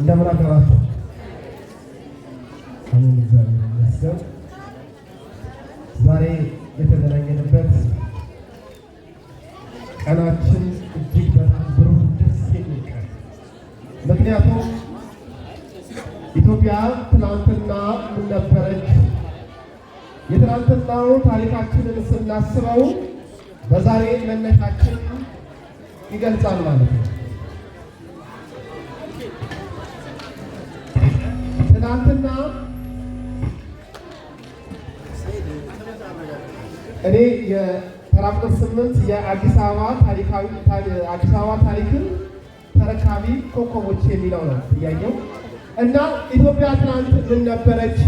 እንደምን አገባችሁ። ይመስገን ዛሬ የተገናኘንበት ቀናችን እጅግ በጣም ብሩህ ደስ የሚል ቀን ምክንያቱም ኢትዮጵያ ትናንትና ምን ነበረች? የትናንትናው ታሪካችንን ስናስበው በዛሬ መነሻችን ይገልጻል ማለት ነው። ትናንትና እኔ የምዕራፍ ስምንት የአዲስ አበባ ታሪካዊ አዲስ አበባ ታሪክን ተረካቢ ኮከቦች የሚለው ነው ጥያቄው እና ኢትዮጵያ ትናንት ምን ነበረች?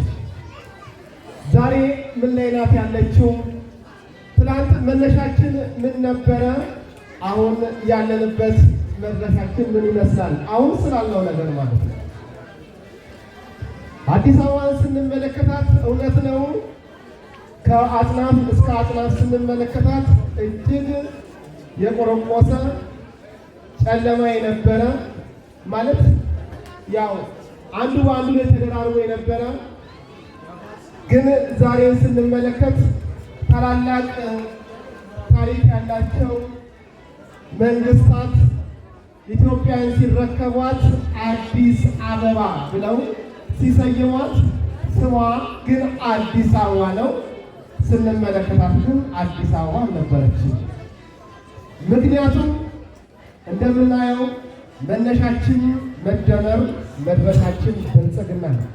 ዛሬ ምን ላይ ናት ያለችው? ትናንት መነሻችን ምን ነበረ? አሁን ያለንበት መድረሻችን ምን ይመስላል? አሁን ስላለው ነገር ማለት ነው። አዲስ አበባን ስንመለከታት እውነት ነው ከአጽናፍ እስከ አጽናፍ ስንመለከታት እጅግ የቆረቆሰ ጨለማ የነበረ ማለት ያው አንዱ በአንዱ ላይ ተደራርቦ የነበረ ግን ዛሬን ስንመለከት ታላላቅ ታሪክ ያላቸው መንግስታት ኢትዮጵያን ሲረከቧት አዲስ አበባ ብለው ሲሰይሟት ስሟ ግን አዲስ አበባ ነው። ስንመለከታት ግን አዲስ አበባ ነበረች። ምክንያቱም እንደምናየው መነሻችን መደመር መድረሻችን ብልጽግና ነው።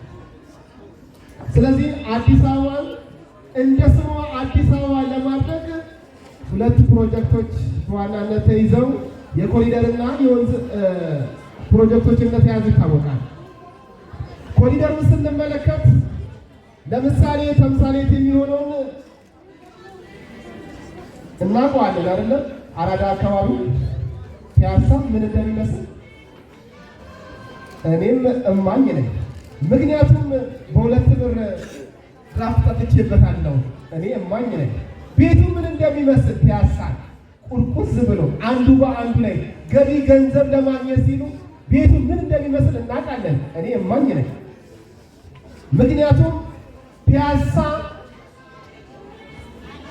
ስለዚህ አዲስ አበባ እንደ ስሟ አዲስ አበባ ለማድረግ ሁለት ፕሮጀክቶች በዋናነት ተይዘው የኮሪደርና የወንዝ ፕሮጀክቶች እንደተያዙ ይታወቃል። ኮሪደርን ስንመለከት ለምሳሌ ተምሳሌት የሚሆነውን እናውቀዋለን አይደለም? አራዳ አካባቢ ፒያሳ ምን እንደሚመስል እኔም እማኝ ነኝ። ምክንያቱም በሁለት ብር ድራፍት ጠጥቼበታለሁ። እኔ እማኝ ነኝ። ቤቱ ምን እንደሚመስል ፒያሳ ቁርቁዝ ብሎ አንዱ በአንዱ ላይ ገቢ ገንዘብ ለማግኘት ሲሉ ቤቱ ምን እንደሚመስል እናውቃለን። እኔ እማኝ ነኝ። ምክንያቱም ፒያሳ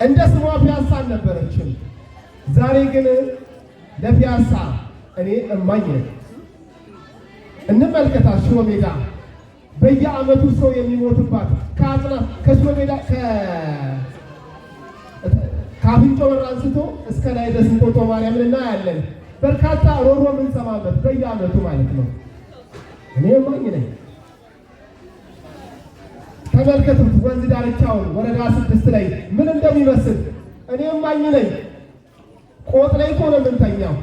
እንደ ስሟ ፒያሳ አልነበረችም። ዛሬ ግን ለፒያሳ እኔ እማኝ እንመልከታ ሽሮ ሜዳ በየዓመቱ ሰው የሚሞትባት ከአጽናፍ ከሽሮ ሜዳ ከአፍንጮ በር አንስቶ እስከ ላይ ድረስ እንጦጦ ማርያምን እናያለን። በርካታ ሮሮ የምንሰማበት በየዓመቱ ማለት ነው። እኔ እማኝ ነኝ። ተመልከቱት ወንዝ ዳርቻውን ወረዳ ስድስት ላይ ምን እንደሚመስል። እኔ ማኝ ነኝ፣ ቆጥ ላይ እኮ ነው የምንተኛው።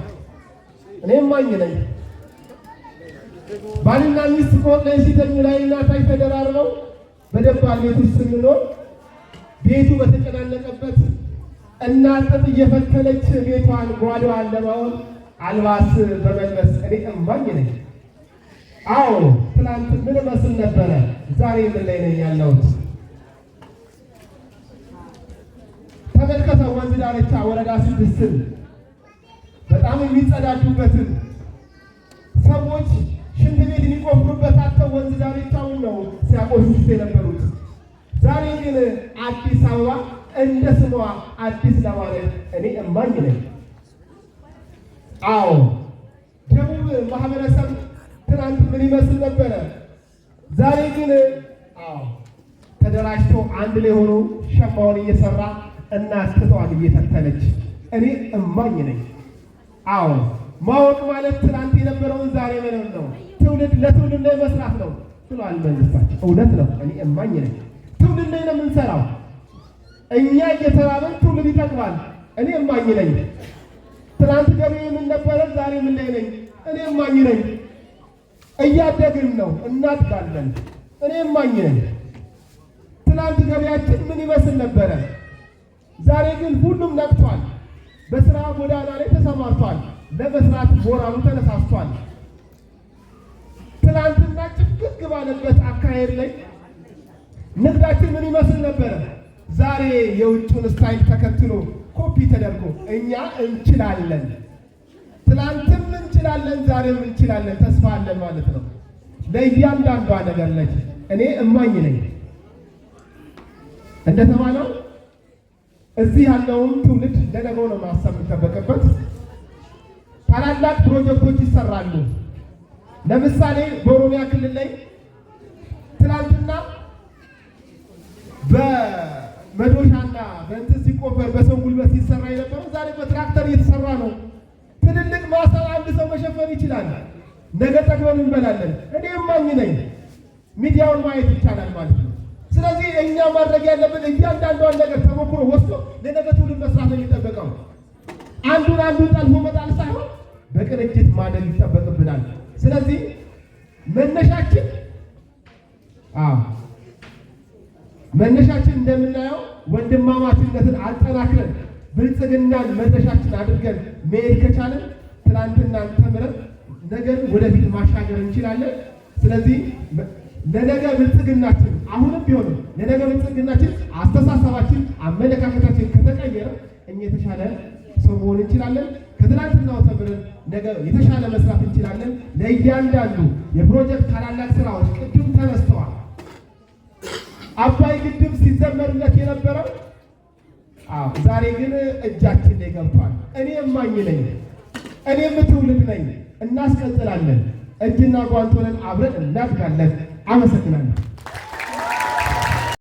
እኔም ማኝ ነኝ። ባልና ሚስት ቆጥ ላይ ሲተኙ ላይ ታች ተደራርበው በደባል ቤት ውስጥ ስንኖር ቤቱ በተጨናነቀበት እናት ጥጥ እየፈተለች ቤቷን ጓዳዋን ለማወል አልባስ በመልበስ እኔ እማኝ ነኝ። አዎ ትናንት ምን መስል ነበረ? ዛሬ ምን ላይ ነኝ ያለሁት? ተመልከተ ወንዝ ዳርቻ ወረዳ ስድስትን በጣም የሚጸዳዱበትን ሰዎች ሽንት ቤት የሚቆፍሩበት አጥተው ወንዝ ዳርቻውን ነው ሲያቆሽሹት የነበሩት። ዛሬ ግን አዲስ አበባ እንደ ስሟ አዲስ ለማለት እኔ እማኝ ነኝ። አዎ ደቡብ ማህበረሰብ ትናንት ምን ይመስል ነበረ? ዛሬ ግን አዎ ተደራጅቶ አንድ ላይ ሆኖ ሸማውን እየሰራ እና ትቷን እየተተለች እኔ እማኝ ነኝ። አዎ ማወቅ ማለት ትናንት የነበረውን ዛሬ ምንም ነው። ትውልድ ለትውልድ ላይ መስራት ነው ብሏል መንግስታችን። እውነት ነው። እኔ እማኝ ነኝ። ትውልድ ላይ ነው የምንሰራው እኛ እየተራበን ትውልድ ይጠቅማል። እኔ እማኝ ነኝ። ትናንት ገበያ ምን ነበረ? ዛሬ ምን ላይ ነኝ? እኔ እማኝ ነኝ። እያደግን ነው። እናድጋለን። እኔ ማኘን ትናንት ገበያችን ምን ይመስል ነበረ? ዛሬ ግን ሁሉም ነቅቷል። በስራ ጎዳና ላይ ተሰማርቷል። ለመስራት ሞራሉ ተነሳስቷል። ትናንትና ጭፍግግ ባለበት አካሄድ ላይ ንግዳችን ምን ይመስል ነበረ? ዛሬ የውጭውን ስታይል ተከትሎ ኮፒ ተደርጎ እኛ እንችላለን። ትናንትም እንችላለን፣ ዛሬም እንችላለን፣ ተስፋ አለን ማለት ነው። ለእያንዳንዷ ነገር ነች። እኔ እማኝ ነኝ እንደተባለው እዚህ ያለውን ትውልድ ለነገው ነው ማሰብ የሚጠበቅበት። ታላላቅ ፕሮጀክቶች ይሰራሉ። ለምሳሌ በኦሮሚያ ክልል ላይ ትናንትና በመዶሻና በእንትን ሲቆፈር በሰው ጉልበት ሲሰራ የነበረው ዛሬ በትራክተር እየተሰራ ነው። መሸፈን ይችላል። ነገ ጠግበን እንበላለን። እኔ እማኝ ነኝ። ሚዲያውን ማየት ይቻላል ማለት ነው። ስለዚህ እኛ ማድረግ ያለብን እያንዳንዷን ነገር ተሞክሮ ወስዶ ለነገ ትውልድ መስራት ነው የሚጠበቀው። አንዱን አንዱን ጠልፎ መጣል ሳይሆን በቅንጅት ማደግ ይጠበቅብናል። ስለዚህ መነሻችን መነሻችን እንደምናየው ወንድማማችነትን አጠናክረን ብልጽግናን መነሻችን አድርገን መሄድ ከቻለን ከትናንትናን ተምረን ነገር ወደፊት ማሻገር እንችላለን። ስለዚህ ለነገ ብልጽግናችን አሁንም ቢሆንም ለነገ ብልጽግናችን አስተሳሰባችን፣ አመለካከታችን ከተቀየረ እኛ የተሻለ ሰው መሆን እንችላለን። ከትናንትናው ተምረን ነገ የተሻለ መስራት እንችላለን። ለእያንዳንዱ የፕሮጀክት ታላላቅ ስራዎች ቅድም ተነስተዋል። አባይ ግድብ ሲዘመርለት የነበረው ዛሬ ግን እጃችን ላይ ገብቷል። እኔ እማኝ ነኝ እኔም ትውልድ ነኝ። እናስቀጥላለን። እጅና ጓንት ሆነን አብረን እናድጋለን። አመሰግናለሁ።